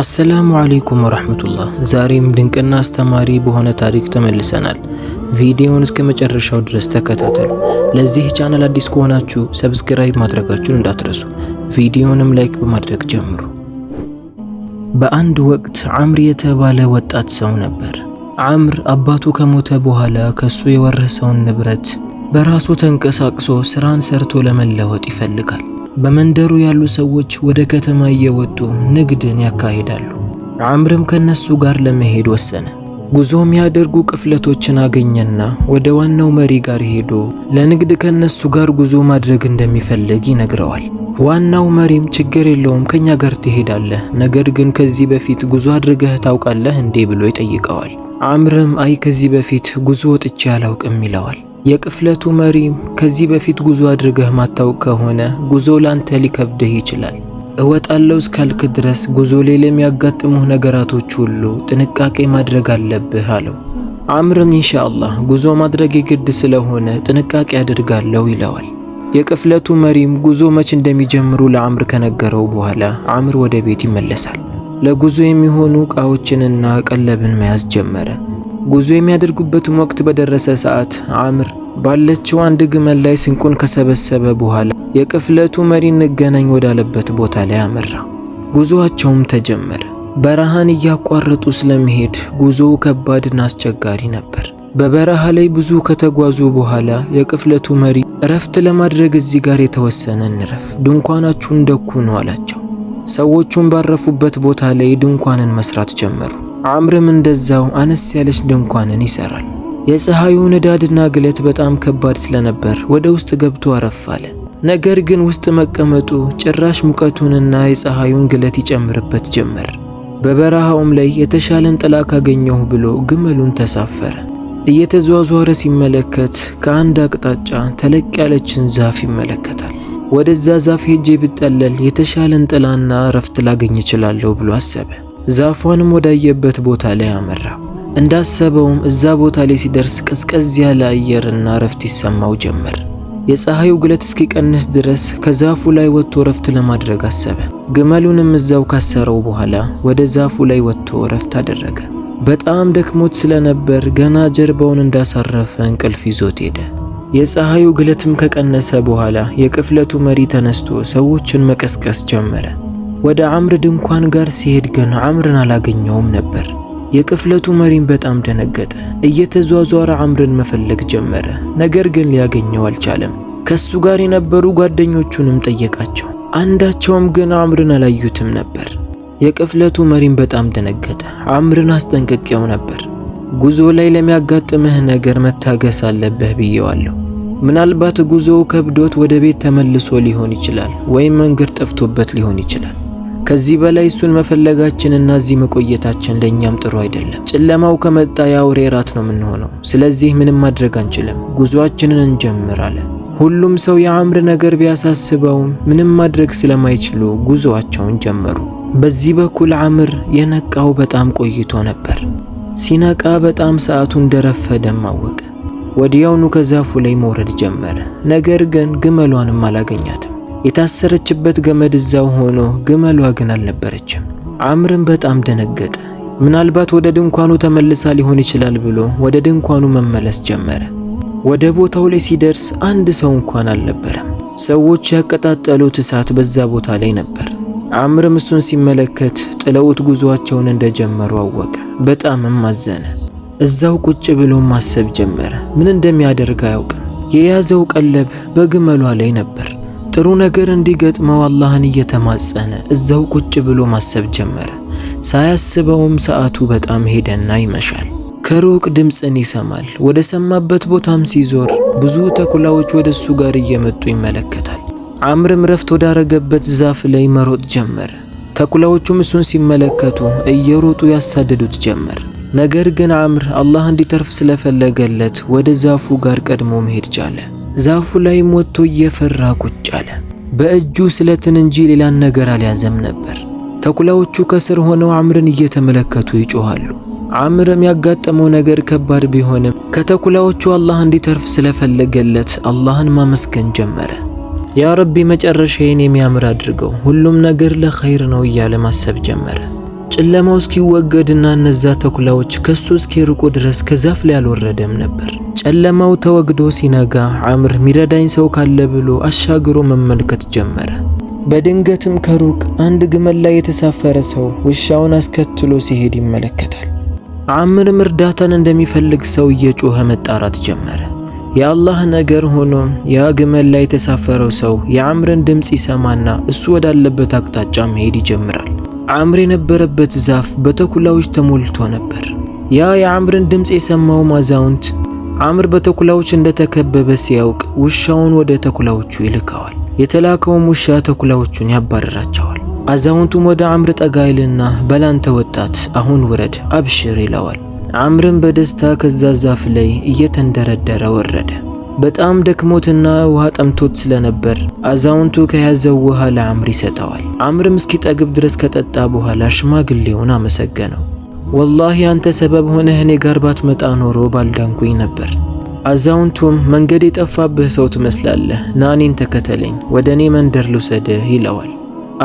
አሰላሙ አለይኩም ወራህመቱላህ። ዛሬም ድንቅና አስተማሪ በሆነ ታሪክ ተመልሰናል። ቪዲዮውን እስከ መጨረሻው ድረስ ተከታተሉ። ለዚህ ቻናል አዲስ ከሆናችሁ ሰብስክራይብ ማድረጋችሁን እንዳትረሱ። ቪዲዮውንም ላይክ በማድረግ ጀምሩ። በአንድ ወቅት አምር የተባለ ወጣት ሰው ነበር። አምር አባቱ ከሞተ በኋላ ከሱ የወረሰውን ንብረት በራሱ ተንቀሳቅሶ ስራን ሰርቶ ለመለወጥ ይፈልጋል። በመንደሩ ያሉ ሰዎች ወደ ከተማ እየወጡ ንግድን ያካሂዳሉ። አምርም ከነሱ ጋር ለመሄድ ወሰነ። ጉዞ የሚያደርጉ ቅፍለቶችን አገኘና ወደ ዋናው መሪ ጋር ሄዶ ለንግድ ከነሱ ጋር ጉዞ ማድረግ እንደሚፈልግ ይነግረዋል። ዋናው መሪም ችግር የለውም ከኛ ጋር ትሄዳለህ፣ ነገር ግን ከዚህ በፊት ጉዞ አድርገህ ታውቃለህ እንዴ ብሎ ይጠይቀዋል። አምርም አይ ከዚህ በፊት ጉዞ ወጥቼ አላውቅም ይለዋል። የቅፍለቱ መሪ ከዚህ በፊት ጉዞ አድርገህ ማታውቅ ከሆነ ጉዞ ላንተ ሊከብድህ ይችላል። እወጣለው እስካልክ ድረስ ጉዞ ላይ ለሚያጋጥሙህ ነገራቶች ሁሉ ጥንቃቄ ማድረግ አለብህ አለው። አምርም ኢንሻ አላህ ጉዞ ማድረግ የግድ ስለሆነ ጥንቃቄ አድርጋለሁ ይለዋል። የቅፍለቱ መሪም ጉዞ መች እንደሚጀምሩ ለአምር ከነገረው በኋላ አምር ወደ ቤት ይመለሳል። ለጉዞ የሚሆኑ ዕቃዎችንና ቀለብን መያዝ ጀመረ። ጉዞ የሚያደርጉበትም ወቅት በደረሰ ሰዓት አምር ባለችው አንድ ግመል ላይ ስንቁን ከሰበሰበ በኋላ የቅፍለቱ መሪ እንገናኝ ወዳለበት ቦታ ላይ አመራ። ጉዞአቸውም ተጀመረ። በረሃን እያቋረጡ ስለመሄድ ጉዞው ከባድና አስቸጋሪ ነበር። በበረሃ ላይ ብዙ ከተጓዙ በኋላ የቅፍለቱ መሪ እረፍት ለማድረግ እዚህ ጋር የተወሰነ እንረፍ፣ ድንኳናችሁን ደኩኑ አላቸው። ሰዎቹን ባረፉበት ቦታ ላይ ድንኳንን መስራት ጀመሩ። አምርም እንደዛው አነስ ያለች ድንኳንን ይሰራል። የፀሐዩ ንዳድና ግለት በጣም ከባድ ስለነበር ወደ ውስጥ ገብቶ አረፍ አለ። ነገር ግን ውስጥ መቀመጡ ጭራሽ ሙቀቱንና የፀሐዩን ግለት ይጨምርበት ጀመር። በበረሃውም ላይ የተሻለን ጥላ ካገኘሁ ብሎ ግመሉን ተሳፈረ። እየተዟዟረ ሲመለከት ከአንድ አቅጣጫ ተለቅ ያለችን ዛፍ ይመለከታል። ወደዛ ዛፍ ሄጄ ብጠለል የተሻለን ጥላና እረፍት ላገኝ እችላለሁ ብሎ አሰበ። ዛፏንም ወዳየበት ቦታ ላይ አመራ። እንዳሰበውም እዛ ቦታ ላይ ሲደርስ ቀዝቀዝ ያለ አየርና ረፍት ይሰማው ጀመር። የፀሐዩ ግለት እስኪቀንስ ድረስ ከዛፉ ላይ ወጥቶ ረፍት ለማድረግ አሰበ። ግመሉንም እዛው ካሰረው በኋላ ወደ ዛፉ ላይ ወጥቶ ረፍት አደረገ። በጣም ደክሞት ስለነበር ገና ጀርባውን እንዳሳረፈ እንቅልፍ ይዞት ሄደ። የፀሐዩ ግለትም ከቀነሰ በኋላ የቅፍለቱ መሪ ተነስቶ ሰዎችን መቀስቀስ ጀመረ። ወደ አምር ድንኳን ጋር ሲሄድ ግን አምርን አላገኘውም ነበር። የቅፍለቱ መሪም በጣም ደነገጠ። እየተዟዟረ አምርን መፈለግ ጀመረ። ነገር ግን ሊያገኘው አልቻለም። ከሱ ጋር የነበሩ ጓደኞቹንም ጠየቃቸው። አንዳቸውም ግን አምርን አላዩትም ነበር። የቅፍለቱ መሪም በጣም ደነገጠ። አምርን አስጠንቅቄው ነበር። ጉዞ ላይ ለሚያጋጥምህ ነገር መታገስ አለብህ ብየዋለሁ። ምናልባት ጉዞው ከብዶት ወደ ቤት ተመልሶ ሊሆን ይችላል፣ ወይም መንገድ ጠፍቶበት ሊሆን ይችላል። ከዚህ በላይ እሱን መፈለጋችንና እዚህ መቆየታችን ለእኛም ጥሩ አይደለም። ጨለማው ከመጣ የአውሬ ራት ነው የምንሆነው። ስለዚህ ምንም ማድረግ አንችልም። ጉዞአችንን እንጀምራለን። ሁሉም ሰው የአምር ነገር ቢያሳስበውም ምንም ማድረግ ስለማይችሉ ጉዞአቸውን ጀመሩ። በዚህ በኩል አምር የነቃው በጣም ቆይቶ ነበር። ሲነቃ በጣም ሰዓቱ እንደረፈደም አወቀ። ወዲያውኑ ከዛፉ ላይ መውረድ ጀመረ። ነገር ግን ግመሏንም አላገኛትም። የታሰረችበት ገመድ እዛው ሆኖ ግመሏ ግን አልነበረችም። አምርም በጣም ደነገጠ። ምናልባት ወደ ድንኳኑ ተመልሳ ሊሆን ይችላል ብሎ ወደ ድንኳኑ መመለስ ጀመረ። ወደ ቦታው ላይ ሲደርስ አንድ ሰው እንኳን አልነበረም። ሰዎች ያቀጣጠሉት እሳት በዛ ቦታ ላይ ነበር። አምርም እሱን ሲመለከት ጥለውት ጉዞአቸውን እንደጀመሩ አወቀ። በጣምም አዘነ። እዛው ቁጭ ብሎ ማሰብ ጀመረ። ምን እንደሚያደርግ አያውቅም። የያዘው ቀለብ በግመሏ ላይ ነበር። ጥሩ ነገር እንዲገጥመው አላህን እየተማጸነ እዛው ቁጭ ብሎ ማሰብ ጀመረ። ሳያስበውም ሰዓቱ በጣም ሄደና ይመሻል። ከሩቅ ድምፅን ይሰማል። ወደ ሰማበት ቦታም ሲዞር ብዙ ተኩላዎች ወደ እሱ ጋር እየመጡ ይመለከታል። አምርም ረፍት ወዳረገበት ዛፍ ላይ መሮጥ ጀመረ። ተኩላዎቹም እሱን ሲመለከቱ እየሮጡ ያሳደዱት ጀመር። ነገር ግን አምር አላህ እንዲተርፍ ስለፈለገለት ወደ ዛፉ ጋር ቀድሞ መሄድ ቻለ። ዛፉ ላይ ወጥቶ እየፈራ ቁጭ አለ። በእጁ ስለትን እንጂ ሌላን ነገር አልያዘም ነበር። ተኩላዎቹ ከስር ሆነው አምርን እየተመለከቱ ይጮኋሉ። አምርም ያጋጠመው ነገር ከባድ ቢሆንም ከተኩላዎቹ አላህ እንዲተርፍ ስለፈለገለት አላህን ማመስገን ጀመረ። ያ ረቢ መጨረሻዬን የሚያምር አድርገው፣ ሁሉም ነገር ለኸይር ነው እያለ ማሰብ ጀመረ። ጨለማው እስኪወገድና እነዛ ተኩላዎች ከሱ እስኪርቁ ድረስ ከዛፍ ላይ አልወረደም ነበር። ጨለማው ተወግዶ ሲነጋ አምር ሚረዳኝ ሰው ካለ ብሎ አሻግሮ መመልከት ጀመረ። በድንገትም ከሩቅ አንድ ግመል ላይ የተሳፈረ ሰው ውሻውን አስከትሎ ሲሄድ ይመለከታል። አምርም እርዳታን እንደሚፈልግ ሰው እየጮኸ መጣራት ጀመረ። የአላህ ነገር ሆኖ ያ ግመል ላይ የተሳፈረው ሰው የአምርን ድምፅ ይሰማና እሱ ወዳለበት አቅጣጫ መሄድ ይጀምራል። አምር የነበረበት ዛፍ በተኩላዎች ተሞልቶ ነበር። ያ የአምርን ድምፅ የሰማው አዛውንት አምር በተኩላዎች እንደተከበበ ሲያውቅ ውሻውን ወደ ተኩላዎቹ ይልከዋል። የተላከውም ውሻ ተኩላዎቹን ያባረራቸዋል። አዛውንቱም ወደ አምር ጠጋ ይልና በላንተ ወጣት አሁን ውረድ፣ አብሽር ይለዋል። አምርም በደስታ ከዛ ዛፍ ላይ እየተንደረደረ ወረደ። በጣም ደክሞትና ውሃ ጠምቶት ስለነበር አዛውንቱ ከያዘው ውሃ ለአምር ይሰጠዋል። አምርም እስኪጠግብ ድረስ ከጠጣ በኋላ ሽማግሌውን አመሰገነው። ወላሂ አንተ ሰበብ ሆነህ እኔ ጋር ባትመጣ ኖሮ ባልዳንኩኝ ነበር። አዛውንቱም መንገድ የጠፋብህ ሰው ትመስላለህ፣ ና እኔን ተከተለኝ፣ ወደ እኔ መንደር ልውሰድህ ይለዋል።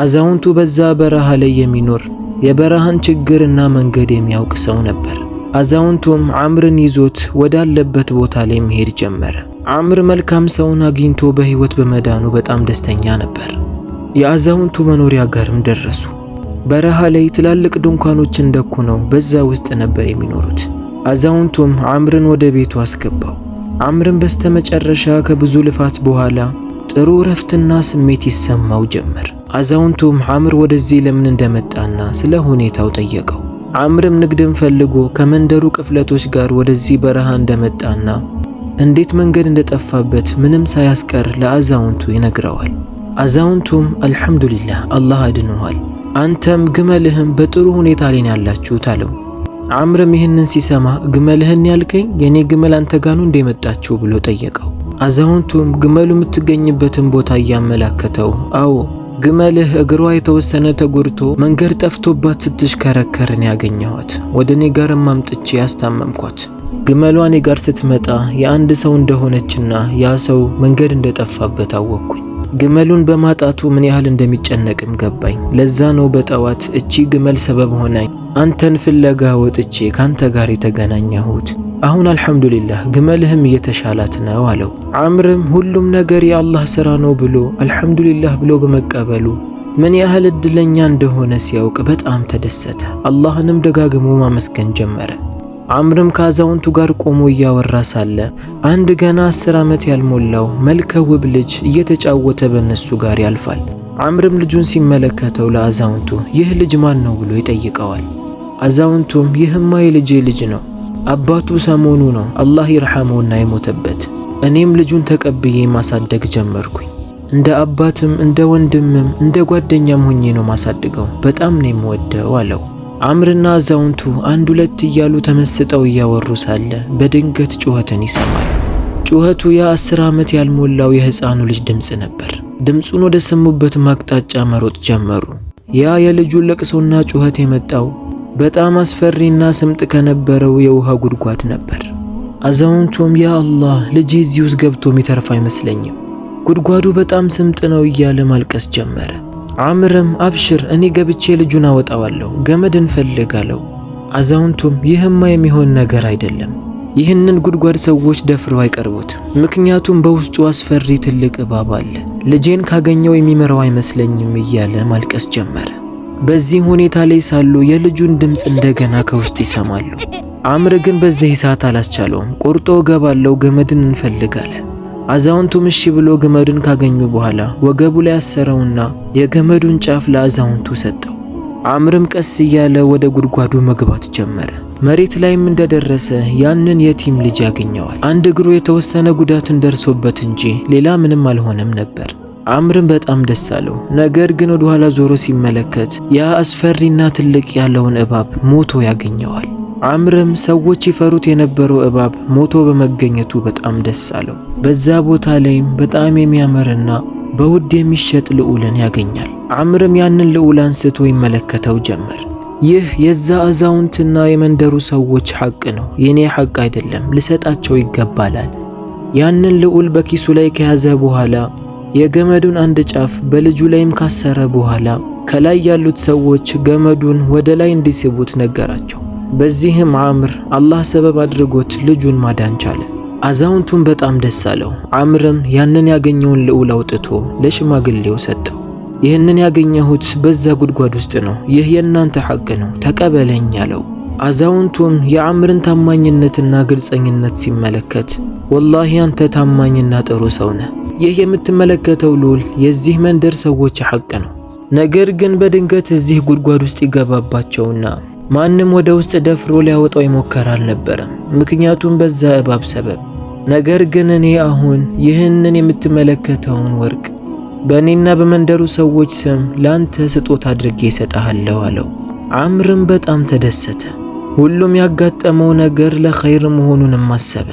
አዛውንቱ በዛ በረሃ ላይ የሚኖር የበረሃን ችግርና መንገድ የሚያውቅ ሰው ነበር። አዛውንቱም አምርን ይዞት ወዳለበት ቦታ ላይ መሄድ ጀመረ። አምር መልካም ሰውን አግኝቶ በህይወት በመዳኑ በጣም ደስተኛ ነበር። የአዛውንቱ መኖሪያ ጋርም ደረሱ። በረሃ ላይ ትላልቅ እንደኩ ነው፣ በዛ ውስጥ ነበር የሚኖሩት። አዛውንቱም አምርን ወደ ቤቱ አስገባው። አምርን በስተመጨረሻ ከብዙ ልፋት በኋላ ጥሩ እረፍትና ስሜት ይሰማው ጀመር። አዛውንቱም አምር ወደዚህ ለምን እንደመጣና ስለ ሁኔታው ጠየቀው። አምርም ንግድን ፈልጎ ከመንደሩ ቅፍለቶች ጋር ወደዚህ በረሃ እንደመጣና እንዴት መንገድ እንደጠፋበት ምንም ሳያስቀር ለአዛውንቱ ይነግረዋል። አዛውንቱም አልሐምዱሊላህ አላህ አድኖኋል፣ አንተም ግመልህም በጥሩ ሁኔታ ላይ ያላችሁት አለው። አምርም ይህንን ሲሰማ ግመልህን ያልከኝ የእኔ ግመል አንተ ጋ እንደመጣችሁ ብሎ ጠየቀው። አዛውንቱም ግመሉ የምትገኝበትን ቦታ እያመላከተው አዎ ግመልህ እግሯ የተወሰነ ተጎድቶ መንገድ ጠፍቶባት ስትሽከረከርን ያገኘኋት ወደ እኔ ጋርም አምጥቼ ያስታመምኳት ግመሏ እኔ ጋር ስትመጣ የአንድ ሰው እንደሆነችና ያ ሰው መንገድ እንደጠፋበት አወቅኩኝ። ግመሉን በማጣቱ ምን ያህል እንደሚጨነቅም ገባኝ። ለዛ ነው በጠዋት እቺ ግመል ሰበብ ሆናኝ አንተን ፍለጋ ወጥቼ ካንተ ጋር የተገናኘሁት። አሁን አልሐምዱሊላህ ግመልህም እየተሻላት ነው አለው። አምርም ሁሉም ነገር የአላህ ሥራ ነው ብሎ አልሐምዱሊላህ ብሎ በመቀበሉ ምን ያህል እድለኛ እንደሆነ ሲያውቅ በጣም ተደሰተ። አላህንም ደጋግሞ ማመስገን ጀመረ። አምርም ከአዛውንቱ ጋር ቆሞ እያወራ ሳለ አንድ ገና አስር ዓመት ያልሞላው መልከ ውብ ልጅ እየተጫወተ በእነሱ ጋር ያልፋል። አምርም ልጁን ሲመለከተው ለአዛውንቱ ይህ ልጅ ማን ነው ብሎ ይጠይቀዋል። አዛውንቱም ይህማ የልጄ ልጅ ነው፣ አባቱ ሰሞኑ ነው አላህ ይርሐመውና የሞተበት። እኔም ልጁን ተቀብዬ ማሳደግ ጀመርኩኝ። እንደ አባትም እንደ ወንድምም እንደ ጓደኛም ሆኜ ነው ማሳድገው። በጣም ነው የምወደው አለው። አምርና አዛውንቱ አንድ ሁለት እያሉ ተመስጠው እያወሩ ሳለ በድንገት ጩኸትን ይሰማል። ጩኸቱ የአስር ዓመት ያልሞላው የሕፃኑ ልጅ ድምፅ ነበር። ድምፁን ወደ ሰሙበት ማቅጣጫ መሮጥ ጀመሩ። ያ የልጁ ለቅሶና ጩኸት የመጣው በጣም አስፈሪና ስምጥ ከነበረው የውሃ ጉድጓድ ነበር። አዛውንቱም ያ አላህ ልጅ እዚህ ውስጥ ገብቶ የሚተርፍ አይመስለኝም፣ ጉድጓዱ በጣም ስምጥ ነው እያለ ማልቀስ ጀመረ። አምርም አብሽር፣ እኔ ገብቼ ልጁን አወጣዋለሁ፣ ገመድ እንፈልጋለሁ። አዛውንቱም ይህማ የሚሆን ነገር አይደለም፣ ይህንን ጉድጓድ ሰዎች ደፍረው አይቀርቡት፣ ምክንያቱም በውስጡ አስፈሪ ትልቅ እባብ አለ፣ ልጄን ካገኘው የሚመራው አይመስለኝም እያለ ማልቀስ ጀመረ። በዚህ ሁኔታ ላይ ሳሉ የልጁን ድምፅ እንደገና ከውስጥ ይሰማሉ። አምር ግን በዚህ ሰዓት አላስቻለውም። ቆርጦ እገባለው፣ ገመድን እንፈልጋለን አዛውንቱም እሺ ብሎ ገመዱን ካገኙ በኋላ ወገቡ ላይ አሰረውና የገመዱን ጫፍ ለአዛውንቱ ሰጠው። አምርም ቀስ እያለ ወደ ጉድጓዱ መግባት ጀመረ። መሬት ላይም እንደደረሰ ያንን የቲም ልጅ ያገኘዋል። አንድ እግሩ የተወሰነ ጉዳትን ደርሶበት እንጂ ሌላ ምንም አልሆነም ነበር። አምርም በጣም ደስ አለው። ነገር ግን ወደ ኋላ ዞሮ ሲመለከት ያ አስፈሪና ትልቅ ያለውን እባብ ሞቶ ያገኘዋል። አምርም ሰዎች ይፈሩት የነበረው እባብ ሞቶ በመገኘቱ በጣም ደስ አለው። በዛ ቦታ ላይም በጣም የሚያምርና በውድ የሚሸጥ ልዑልን ያገኛል። አምርም ያንን ልዑል አንስቶ ይመለከተው ጀመር። ይህ የዛ አዛውንትና የመንደሩ ሰዎች ሐቅ ነው፣ የኔ ሐቅ አይደለም፣ ልሰጣቸው ይገባላል። ያንን ልዑል በኪሱ ላይ ከያዘ በኋላ የገመዱን አንድ ጫፍ በልጁ ላይም ካሰረ በኋላ ከላይ ያሉት ሰዎች ገመዱን ወደ ላይ እንዲስቡት ነገራቸው። በዚህም አምር አላህ ሰበብ አድርጎት ልጁን ማዳን ቻለ። አዛውንቱን በጣም ደስ አለው። አምርም ያንን ያገኘውን ልዑል አውጥቶ ለሽማግሌው ሰጠው። ይህንን ያገኘሁት በዛ ጉድጓድ ውስጥ ነው፣ ይህ የእናንተ ሐቅ ነው፣ ተቀበለኝ አለው። አዛውንቱም የአምርን ታማኝነትና ግልጸኝነት ሲመለከት ወላሂ አንተ ታማኝና ጥሩ ሰው ነህ ይህ የምትመለከተው ልዑል የዚህ መንደር ሰዎች ሐቅ ነው። ነገር ግን በድንገት እዚህ ጉድጓድ ውስጥ ይገባባቸውና ማንም ወደ ውስጥ ደፍሮ ሊያወጣው ይሞከር አልነበረም፣ ምክንያቱም በዛ እባብ ሰበብ። ነገር ግን እኔ አሁን ይህንን የምትመለከተውን ወርቅ በእኔና በመንደሩ ሰዎች ስም ላንተ ስጦታ አድርጌ እሰጥሃለሁ አለው። አምርም በጣም ተደሰተ። ሁሉም ያጋጠመው ነገር ለኸይር መሆኑንም አሰበ።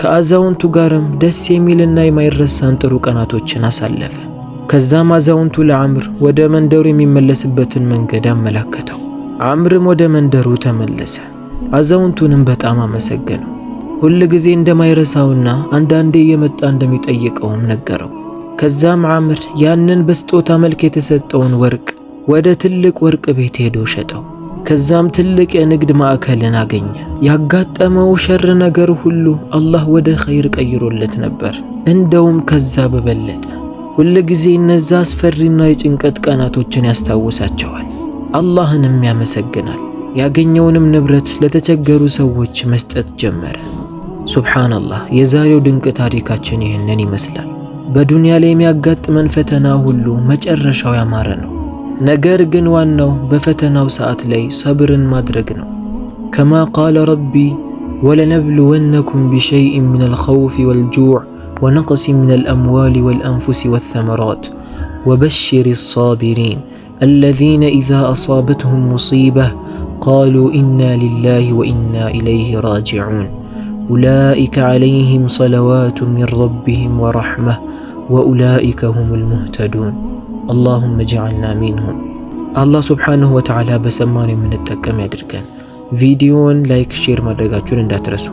ከአዛውንቱ ጋርም ደስ የሚልና የማይረሳን ጥሩ ቀናቶችን አሳለፈ። ከዛም አዛውንቱ ለአምር ወደ መንደሩ የሚመለስበትን መንገድ አመላከተው። አምርም ወደ መንደሩ ተመለሰ። አዛውንቱንም በጣም አመሰገነው። ሁል ጊዜ እንደማይረሳውና አንዳንዴ እየመጣ እንደሚጠይቀውም ነገረው። ከዛም አምር ያንን በስጦታ መልክ የተሰጠውን ወርቅ ወደ ትልቅ ወርቅ ቤት ሄዶ ሸጠው። ከዛም ትልቅ የንግድ ማዕከልን አገኘ። ያጋጠመው ሸር ነገር ሁሉ አላህ ወደ ኸይር ቀይሮለት ነበር፣ እንደውም ከዛ በበለጠ። ሁል ጊዜ እነዛ አስፈሪና የጭንቀት ቀናቶችን ያስታውሳቸዋል፣ አላህንም ያመሰግናል። ያገኘውንም ንብረት ለተቸገሩ ሰዎች መስጠት ጀመረ። ሱብሓነላህ የዛሬው ድንቅ ታሪካችን ይህንን ይመስላል። በዱንያ ላይ የሚያጋጥመን ፈተና ሁሉ መጨረሻው ያማረ ነው። نجر وانه بفتنا وساعات لي صبر ما درقنا كما قال ربي ولنبلونكم بشيء من الخوف والجوع ونقص من الأموال والأنفس والثمرات وبشر الصابرين الذين إذا أصابتهم مصيبة قالوا إنا لله وإنا إليه راجعون أولئك عليهم صلوات من ربهم ورحمة وأولئك هم المهتدون አላሁመ ጅዐልና ሚንሁም። አላህ ሱብሓነሁ ወተዓላ በሰማን የምንጠቀም ያድርገን። ቪዲዮውን ላይክ፣ ሼር ማድረጋችሁን እንዳትረሱ።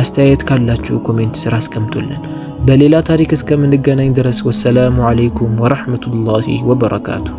አስተያየት ካላችሁ ኮሜንት ስራ አስቀምጡልን። በሌላ ታሪክ እስከምንገናኝ ድረስ ወሰላሙ ዓለይኩም ወረሕመቱላሂ ወበረካቱሁ።